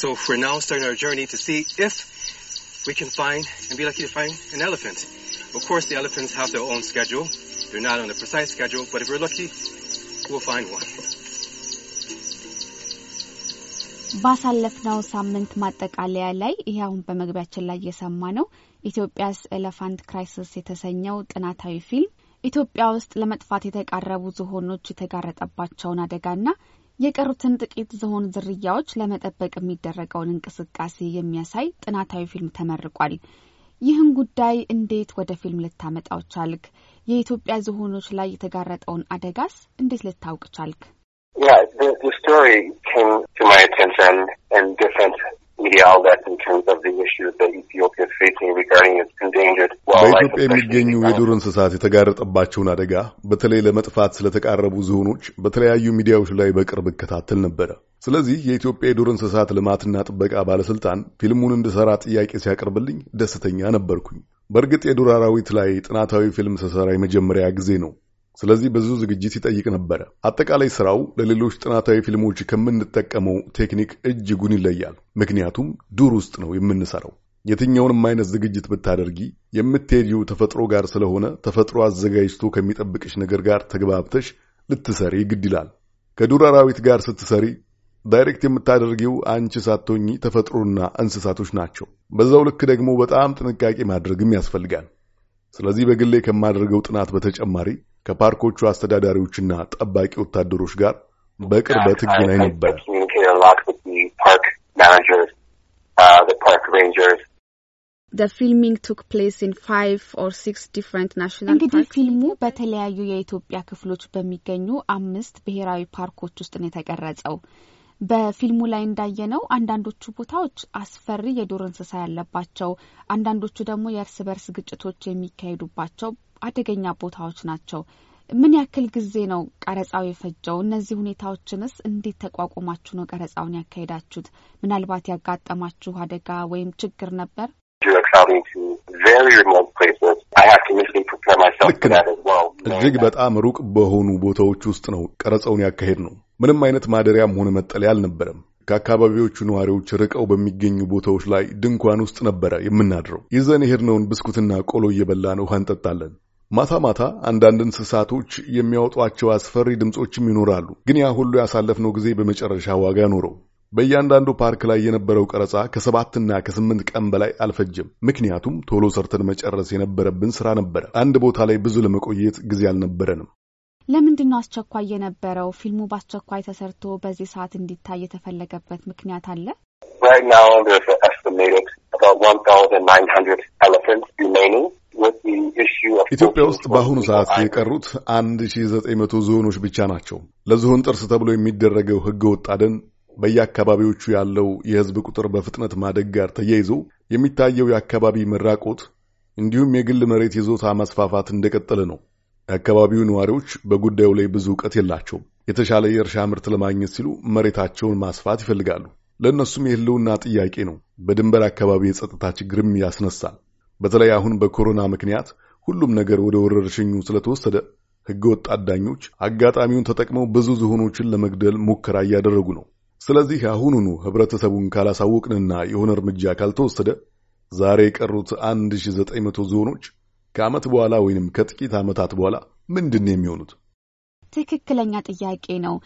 So we're now starting our journey to see if we can find and be lucky to find an elephant. Of course, the elephants have their own schedule. They're not on a precise schedule, but if we're lucky, we'll find one. ባሳለፍነው ሳምንት ማጠቃለያ ላይ ይሄ አሁን በመግቢያችን ላይ እየሰማ ነው ኢትዮጵያስ ኤሌፋንት ክራይሲስ የተሰኘው ጥናታዊ ፊልም ኢትዮጵያ ውስጥ ለመጥፋት የተቃረቡ ዝሆኖች የተጋረጠባቸውን አደጋና የቀሩትን ጥቂት ዝሆን ዝርያዎች ለመጠበቅ የሚደረገውን እንቅስቃሴ የሚያሳይ ጥናታዊ ፊልም ተመርቋል። ይህን ጉዳይ እንዴት ወደ ፊልም ልታመጣው ቻልክ? የኢትዮጵያ ዝሆኖች ላይ የተጋረጠውን አደጋስ እንዴት ልታውቅ ቻልክ? ሚዲያ በኢትዮጵያ የሚገኙ የዱር እንስሳት የተጋረጠባቸውን አደጋ በተለይ ለመጥፋት ስለተቃረቡ ዝሆኖች በተለያዩ ሚዲያዎች ላይ በቅርብ እከታተል ነበረ። ስለዚህ የኢትዮጵያ የዱር እንስሳት ልማትና ጥበቃ ባለስልጣን ፊልሙን እንድሰራ ጥያቄ ሲያቀርብልኝ ደስተኛ ነበርኩኝ። በእርግጥ የዱር አራዊት ላይ ጥናታዊ ፊልም ስሰራ የመጀመሪያ ጊዜ ነው። ስለዚህ ብዙ ዝግጅት ይጠይቅ ነበረ። አጠቃላይ ስራው ለሌሎች ጥናታዊ ፊልሞች ከምንጠቀመው ቴክኒክ እጅጉን ይለያል። ምክንያቱም ዱር ውስጥ ነው የምንሰራው። የትኛውንም አይነት ዝግጅት ብታደርጊ የምትሄጂው ተፈጥሮ ጋር ስለሆነ ተፈጥሮ አዘጋጅቶ ከሚጠብቅሽ ነገር ጋር ተግባብተሽ ልትሰሪ ግድ ይላል። ከዱር አራዊት ጋር ስትሰሪ ዳይሬክት የምታደርጊው አንቺ ሳትሆኚ ተፈጥሮና እንስሳቶች ናቸው። በዛው ልክ ደግሞ በጣም ጥንቃቄ ማድረግም ያስፈልጋል። ስለዚህ በግሌ ከማደርገው ጥናት በተጨማሪ ከፓርኮቹ አስተዳዳሪዎችና ጠባቂ ወታደሮች ጋር በቅርበት እገናኝ ነበር። እንግዲህ ፊልሙ በተለያዩ የኢትዮጵያ ክፍሎች በሚገኙ አምስት ብሔራዊ ፓርኮች ውስጥ ነው የተቀረጸው። በፊልሙ ላይ እንዳየነው አንዳንዶቹ ቦታዎች አስፈሪ የዱር እንስሳ ያለባቸው፣ አንዳንዶቹ ደግሞ የእርስ በርስ ግጭቶች የሚካሄዱባቸው አደገኛ ቦታዎች ናቸው። ምን ያክል ጊዜ ነው ቀረጻው የፈጀው? እነዚህ ሁኔታዎችንስ እንዴት ተቋቁማችሁ ነው ቀረጻውን ያካሄዳችሁት? ምናልባት ያጋጠማችሁ አደጋ ወይም ችግር ነበር? ልክ እጅግ በጣም ሩቅ በሆኑ ቦታዎች ውስጥ ነው ቀረጸውን ያካሄድ ነው። ምንም አይነት ማደሪያም ሆነ መጠለያ አልነበረም። ከአካባቢዎቹ ነዋሪዎች ርቀው በሚገኙ ቦታዎች ላይ ድንኳን ውስጥ ነበረ የምናድረው። ይዘን የሄድነውን ብስኩትና ቆሎ እየበላን ውሃ እንጠጣለን። ማታ ማታ አንዳንድ እንስሳቶች የሚያወጧቸው አስፈሪ ድምፆችም ይኖራሉ። ግን ያ ሁሉ ያሳለፍነው ጊዜ በመጨረሻ ዋጋ ኖረው በእያንዳንዱ ፓርክ ላይ የነበረው ቀረጻ ከሰባትና ከስምንት ቀን በላይ አልፈጀም። ምክንያቱም ቶሎ ሰርተን መጨረስ የነበረብን ስራ ነበረ። አንድ ቦታ ላይ ብዙ ለመቆየት ጊዜ አልነበረንም። ለምንድን ነው አስቸኳይ የነበረው? ፊልሙ በአስቸኳይ ተሰርቶ በዚህ ሰዓት እንዲታይ የተፈለገበት ምክንያት አለ? ኢትዮጵያ ውስጥ በአሁኑ ሰዓት የቀሩት አንድ ሺህ ዘጠኝ መቶ ዝሆኖች ብቻ ናቸው። ለዝሆን ጥርስ ተብሎ የሚደረገው ህገ ወጥ አደን በየአካባቢዎቹ ያለው የህዝብ ቁጥር በፍጥነት ማደግ ጋር ተያይዞ የሚታየው የአካባቢ መራቆት እንዲሁም የግል መሬት ይዞታ ማስፋፋት እንደቀጠለ ነው። የአካባቢው ነዋሪዎች በጉዳዩ ላይ ብዙ እውቀት የላቸውም። የተሻለ የእርሻ ምርት ለማግኘት ሲሉ መሬታቸውን ማስፋት ይፈልጋሉ። ለእነሱም የህልውና ጥያቄ ነው። በድንበር አካባቢ የጸጥታ ችግርም ያስነሳል። በተለይ አሁን በኮሮና ምክንያት ሁሉም ነገር ወደ ወረርሽኙ ስለተወሰደ ህገወጥ አዳኞች አጋጣሚውን ተጠቅመው ብዙ ዝሆኖችን ለመግደል ሙከራ እያደረጉ ነው። ስለዚህ አሁኑኑ ህብረተሰቡን ካላሳወቅንና የሆነ እርምጃ ካልተወሰደ ዛሬ የቀሩት 1900 ዞኖች ከዓመት በኋላ ወይንም ከጥቂት ዓመታት በኋላ ምንድን ነው የሚሆኑት? ትክክለኛ ጥያቄ ነው።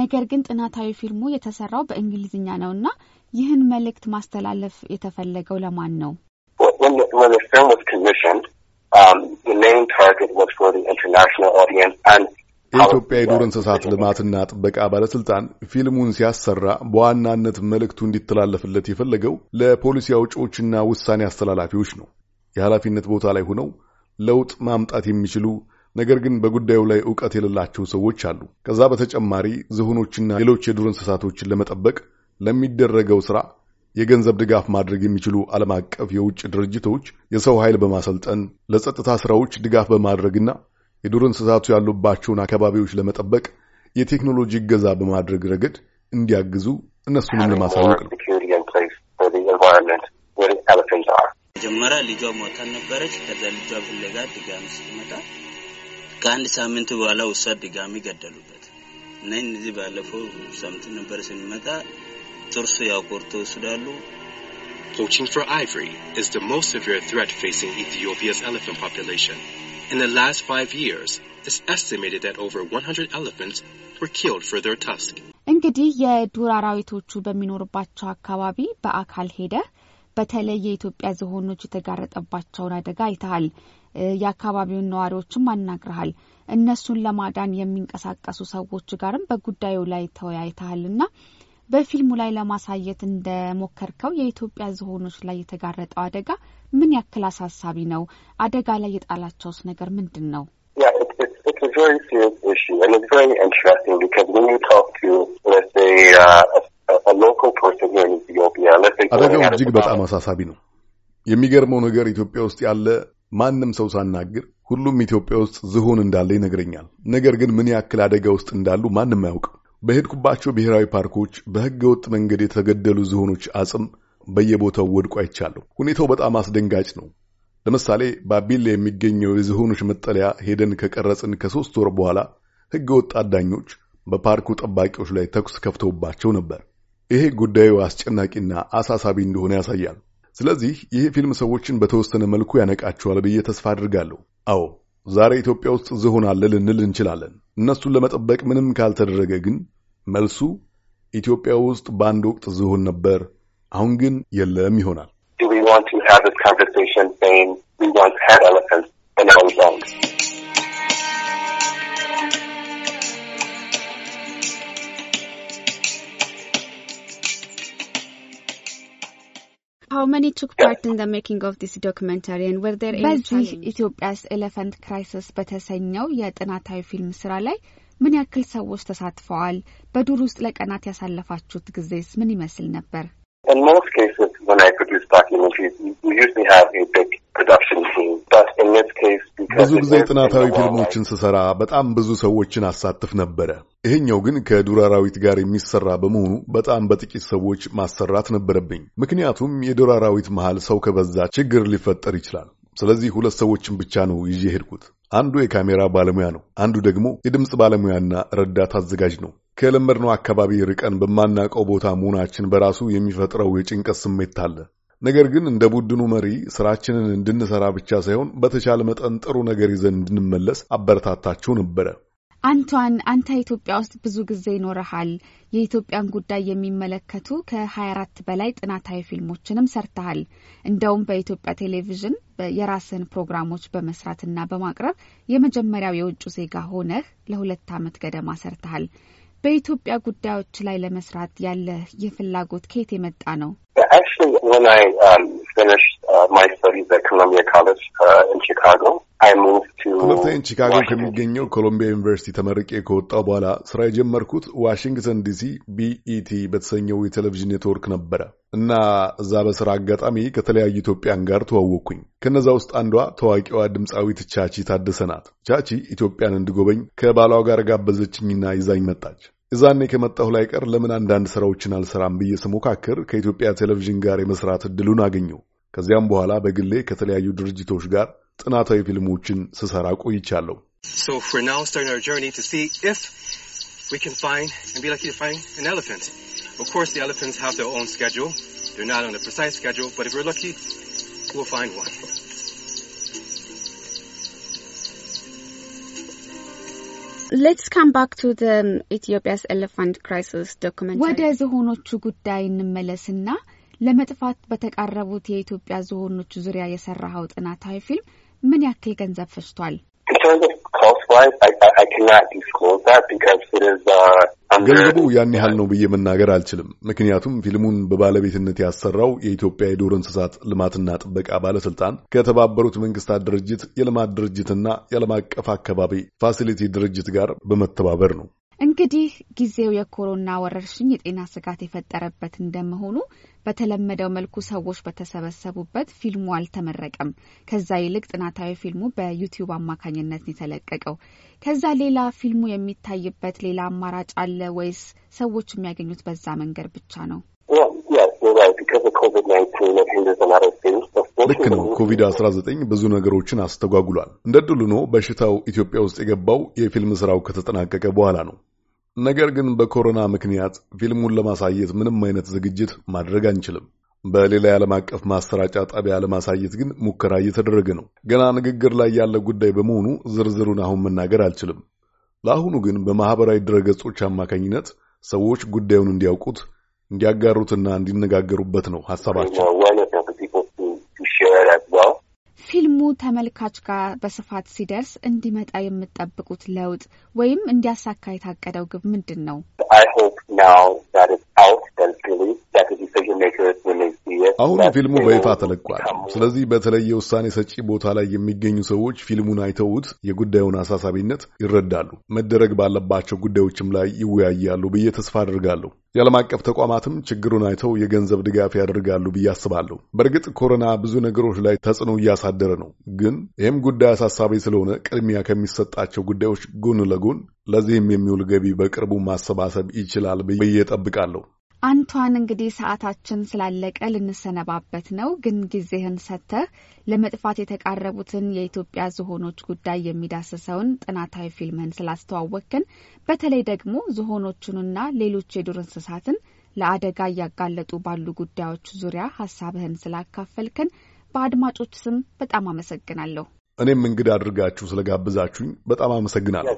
ነገር ግን ጥናታዊ ፊልሙ የተሰራው በእንግሊዝኛ ነው እና ይህን መልእክት ማስተላለፍ የተፈለገው ለማን ነው? የኢትዮጵያ የዱር እንስሳት ልማትና ጥበቃ ባለስልጣን ፊልሙን ሲያሰራ በዋናነት መልእክቱ እንዲተላለፍለት የፈለገው ለፖሊሲ አውጪዎችና ውሳኔ አስተላላፊዎች ነው። የኃላፊነት ቦታ ላይ ሆነው ለውጥ ማምጣት የሚችሉ ነገር ግን በጉዳዩ ላይ እውቀት የሌላቸው ሰዎች አሉ። ከዛ በተጨማሪ ዝሆኖችና ሌሎች የዱር እንስሳቶችን ለመጠበቅ ለሚደረገው ስራ የገንዘብ ድጋፍ ማድረግ የሚችሉ ዓለም አቀፍ የውጭ ድርጅቶች የሰው ኃይል በማሰልጠን ለጸጥታ ስራዎች ድጋፍ በማድረግና የዱር እንስሳቱ ያሉባቸውን አካባቢዎች ለመጠበቅ የቴክኖሎጂ እገዛ በማድረግ ረገድ እንዲያግዙ እነሱንም ለማሳወቅ ነው። መጀመሪያ ልጇ ሞታል ነበረች። ከዛ ልጇ ፍለጋ ድጋሚ ስትመጣ ከአንድ ሳምንት በኋላ ውሳ ድጋሚ ገደሉበት እና እነዚህ ባለፈው ሳምንት ነበር ስንመጣ ጥርሱ ያቆርቶ ወስዳሉ። Poaching for ivory is the most severe threat facing Ethiopia's elephant population. In the last five years, it's estimated that over 100 elephants were killed for their tusk. እንግዲህ የዱር አራዊቶቹ በሚኖርባቸው አካባቢ በአካል ሄደ በተለይ የኢትዮጵያ ዝሆኖች የተጋረጠባቸውን አደጋ አይተሃል። የአካባቢውን ነዋሪዎችም አናግረሃል። እነሱን ለማዳን የሚንቀሳቀሱ ሰዎች ጋርም በጉዳዩ ላይ ተወያይተሃል ና በፊልሙ ላይ ለማሳየት እንደሞከርከው የኢትዮጵያ ዝሆኖች ላይ የተጋረጠው አደጋ ምን ያክል አሳሳቢ ነው? አደጋ ላይ የጣላቸውስ ነገር ምንድን ነው? Uh, አደጋው እጅግ በጣም አሳሳቢ ነው። የሚገርመው ነገር ኢትዮጵያ ውስጥ ያለ ማንም ሰው ሳናግር ሁሉም ኢትዮጵያ ውስጥ ዝሆን እንዳለ ይነግረኛል። ነገር ግን ምን ያክል አደጋ ውስጥ እንዳሉ ማንም አያውቅም። በሄድኩባቸው ብሔራዊ ፓርኮች በሕገ ወጥ መንገድ የተገደሉ ዝሆኖች አጽም በየቦታው ወድቆ አይቻለሁ። ሁኔታው በጣም አስደንጋጭ ነው። ለምሳሌ ባቢሌ የሚገኘው የዝሆኖች መጠለያ ሄደን ከቀረጽን ከሶስት ወር በኋላ ሕገ ወጥ አዳኞች በፓርኩ ጠባቂዎች ላይ ተኩስ ከፍተውባቸው ነበር። ይሄ ጉዳዩ አስጨናቂና አሳሳቢ እንደሆነ ያሳያል። ስለዚህ ይህ ፊልም ሰዎችን በተወሰነ መልኩ ያነቃቸዋል ብዬ ተስፋ አድርጋለሁ። አዎ ዛሬ ኢትዮጵያ ውስጥ ዝሆን አለ ልንል እንችላለን። እነሱን ለመጠበቅ ምንም ካልተደረገ ግን መልሱ ኢትዮጵያ ውስጥ በአንድ ወቅት ዝሆን ነበር፣ አሁን ግን የለም ይሆናል። How many took part in the making ኤሌፈንት ክራይሲስ በተሰኘው የጥናታዊ ፊልም ስራ ላይ ምን ያክል ሰዎች ተሳትፈዋል? በዱር ውስጥ ለቀናት ያሳለፋችሁት ጊዜስ ምን ይመስል ነበር? ብዙ ጊዜ ጥናታዊ ፊልሞችን ስሰራ በጣም ብዙ ሰዎችን አሳትፍ ነበረ። ይሄኛው ግን ከዱር አራዊት ጋር የሚሰራ በመሆኑ በጣም በጥቂት ሰዎች ማሰራት ነበረብኝ። ምክንያቱም የዱር አራዊት መሃል ሰው ከበዛ ችግር ሊፈጠር ይችላል። ስለዚህ ሁለት ሰዎችን ብቻ ነው ይዤ ሄድኩት። አንዱ የካሜራ ባለሙያ ነው፣ አንዱ ደግሞ የድምፅ ባለሙያና ረዳት አዘጋጅ ነው። ከለመድነው አካባቢ ርቀን በማናውቀው ቦታ መሆናችን በራሱ የሚፈጥረው የጭንቀት ስሜት አለ። ነገር ግን እንደ ቡድኑ መሪ ስራችንን እንድንሰራ ብቻ ሳይሆን በተቻለ መጠን ጥሩ ነገር ይዘን እንድንመለስ አበረታታችሁ ነበረ። አንቷን አንተ ኢትዮጵያ ውስጥ ብዙ ጊዜ ይኖረሃል። የኢትዮጵያን ጉዳይ የሚመለከቱ ከ24 በላይ ጥናታዊ ፊልሞችንም ሰርተሃል። እንደውም በኢትዮጵያ ቴሌቪዥን የራስህን ፕሮግራሞች በመስራትና በማቅረብ የመጀመሪያው የውጭ ዜጋ ሆነህ ለሁለት ዓመት ገደማ ሰርተሃል። በኢትዮጵያ ጉዳዮች ላይ ለመስራት ያለህ ይህ ፍላጎት ከየት የመጣ ነው? finished uh, uh ቺካጎ ከሚገኘው ኮሎምቢያ ዩኒቨርሲቲ ተመርቄ ከወጣው በኋላ ስራ የጀመርኩት ዋሽንግተን ዲሲ ቢኢቲ በተሰኘው የቴሌቪዥን ኔትወርክ ነበረ እና እዛ በስራ አጋጣሚ ከተለያዩ ኢትዮጵያን ጋር ተዋወቅኩኝ። ከነዛ ውስጥ አንዷ ታዋቂዋ ድምፃዊት ቻቺ ታደሰ ናት። ቻቺ ኢትዮጵያን እንድጎበኝ ከባሏ ጋር ጋበዘችኝና ይዛኝ መጣች። እዛኔ ከመጣሁ ላይ ቀር ለምን አንዳንድ ስራዎችን አልሰራም ብዬ ስሞካክር ከኢትዮጵያ ቴሌቪዥን ጋር የመስራት እድሉን አገኘው። ከዚያም በኋላ በግሌ ከተለያዩ ድርጅቶች ጋር ጥናታዊ ፊልሞችን ስሰራ ቆይቻለሁ። ወደ ዝሆኖቹ ጉዳይ እንመለስና ለመጥፋት በተቃረቡት የኢትዮጵያ ዝሆኖች ዙሪያ የሰራኸው ጥናታዊ ፊልም ምን ያክል ገንዘብ ፈጅቷል? Uh, ገንዘቡ ያን ያህል ነው ብዬ መናገር አልችልም። ምክንያቱም ፊልሙን በባለቤትነት ያሰራው የኢትዮጵያ የዱር እንስሳት ልማትና ጥበቃ ባለስልጣን ከተባበሩት መንግስታት ድርጅት የልማት ድርጅትና የዓለም አቀፍ አካባቢ ፋሲሊቲ ድርጅት ጋር በመተባበር ነው። እንግዲህ ጊዜው የኮሮና ወረርሽኝ የጤና ስጋት የፈጠረበት እንደመሆኑ በተለመደው መልኩ ሰዎች በተሰበሰቡበት ፊልሙ አልተመረቀም። ከዛ ይልቅ ጥናታዊ ፊልሙ በዩቲዩብ አማካኝነት ነው የተለቀቀው። ከዛ ሌላ ፊልሙ የሚታይበት ሌላ አማራጭ አለ ወይስ ሰዎች የሚያገኙት በዛ መንገድ ብቻ ነው? ልክ ነው። ኮቪድ-19 ብዙ ነገሮችን አስተጓጉሏል። እንደ ድሉ በሽታው ኢትዮጵያ ውስጥ የገባው የፊልም ስራው ከተጠናቀቀ በኋላ ነው። ነገር ግን በኮሮና ምክንያት ፊልሙን ለማሳየት ምንም አይነት ዝግጅት ማድረግ አንችልም። በሌላ የዓለም አቀፍ ማሰራጫ ጣቢያ ለማሳየት ግን ሙከራ እየተደረገ ነው። ገና ንግግር ላይ ያለ ጉዳይ በመሆኑ ዝርዝሩን አሁን መናገር አልችልም። ለአሁኑ ግን በማኅበራዊ ድረገጾች አማካኝነት ሰዎች ጉዳዩን እንዲያውቁት እንዲያጋሩትና እንዲነጋገሩበት ነው ሀሳባቸው። ፊልሙ ተመልካች ጋር በስፋት ሲደርስ እንዲመጣ የምጠብቁት ለውጥ ወይም እንዲያሳካ የታቀደው ግብ ምንድን ነው? አሁን ፊልሙ በይፋ ተለቋል። ስለዚህ በተለየ ውሳኔ ሰጪ ቦታ ላይ የሚገኙ ሰዎች ፊልሙን አይተውት የጉዳዩን አሳሳቢነት ይረዳሉ፣ መደረግ ባለባቸው ጉዳዮችም ላይ ይወያያሉ ብዬ ተስፋ አድርጋለሁ። የዓለም አቀፍ ተቋማትም ችግሩን አይተው የገንዘብ ድጋፍ ያደርጋሉ ብዬ አስባለሁ። በእርግጥ ኮሮና ብዙ ነገሮች ላይ ተጽዕኖ እያሳደረ ነው። ግን ይህም ጉዳይ አሳሳቢ ስለሆነ ቅድሚያ ከሚሰጣቸው ጉዳዮች ጎን ለጎን ለዚህም የሚውል ገቢ በቅርቡ ማሰባሰብ ይችላል ብዬ እጠብቃለሁ። አንቷን እንግዲህ ሰዓታችን ስላለቀ ልንሰነባበት ነው። ግን ጊዜህን ሰጥተህ ለመጥፋት የተቃረቡትን የኢትዮጵያ ዝሆኖች ጉዳይ የሚዳስሰውን ጥናታዊ ፊልምህን ስላስተዋወቅክን፣ በተለይ ደግሞ ዝሆኖቹንና ሌሎች የዱር እንስሳትን ለአደጋ እያጋለጡ ባሉ ጉዳዮች ዙሪያ ሀሳብህን ስላካፈልክን በአድማጮች ስም በጣም አመሰግናለሁ። እኔም እንግዳ አድርጋችሁ ስለጋብዛችሁኝ በጣም አመሰግናለሁ።